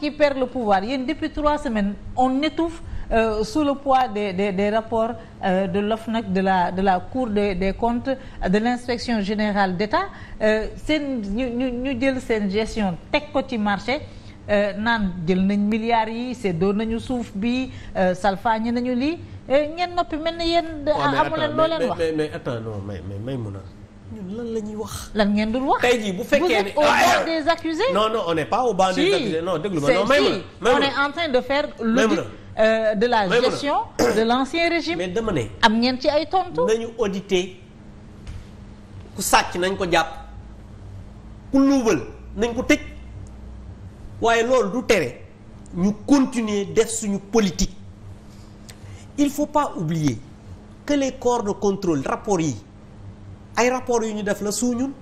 qui perd le pouvoir yéen depuis trois semaines on étouffe euh, sous le poids des de des rapports euh, de l'OFNAC de la de la Cour des des comptes de l'inspection générale d'État euh, seen ñu ñu ñu jël seen gestion teg ko ci marché euh, naan jël nañ milliards yi séddoo nañu suuf bi euh, salfaañi nañu lii ngeen noppi mel na yéen amu leen loo leen wax mais ñun lan la ñuy wax. lan ngeen dul wax. tey jii bu fekkee ne vous êtes no ah, banc ah. des accusés. non non on n'est pas au banc des accusés non déglu ma non may ma la on est en train de faire. l'audit euh, la gestion de ne. am ngeen ci ay tontu. nañu auditer ku sàcc nañ ko jàpp ku luubal nañ ko tëj waaye loolu du tere ñu continuer def suñu politique il faut pas oublier que les corps de contrôle rapport yi. ay rapport yu ñu def la suu ñun.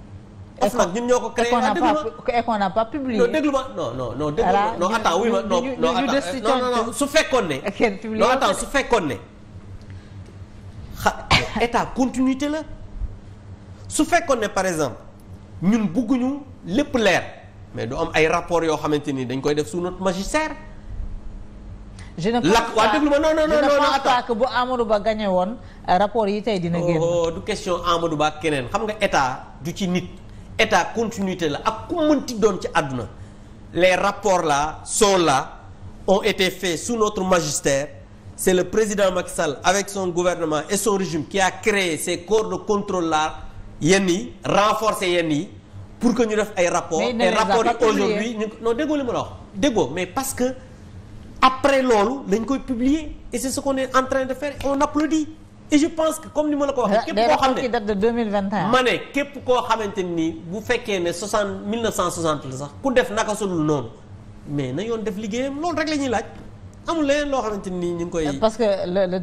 of nag ñun ñoo ko créé ah déglu ma et qu'on n'a pas publié. non déglu ma non non non déglu ma non attends oui ma su fekkoon ne. non attends su fekkoon ne xa état continuité la su fekkoon ne par exemple ñun bëgguñu lépp leer mais du am ay rapport yoo xamante ni dañ koy def sous notre magistère. je ne pense pas waa déglu ma non non non non attends que bu Amadou Ba gagné woon euh, rapport yi tey dina génn. Oh, du question Amadou Ba ak keneen xam nga état du ci nit état continuité la ak ku mënti doon ci àdduna les rapports là sont là ont été faits sous notre magistère c'est le président Macky Sall avec son gouvernement et son régime qui a créé ces corps de contrôle là yenn yi renforcer yenn yi pour que ñu def ay rapports. mais rapports yi aujourd'hui non déggoo li ma la wax déggoo mais parce que. après loolu lañ koy publier et c'est ce qu'on est en train de faire on applaudit et je pense que comme ni ma la ko waxee. képp koo xam ne qui date xamante ni bu fekkee ne 60 1960 la sax ku def naka sunu noonu mais na yoon def liggéeyam loolu rek la ñuy laaj amul leneen loo xamante ni ñu ngi koy. parce que le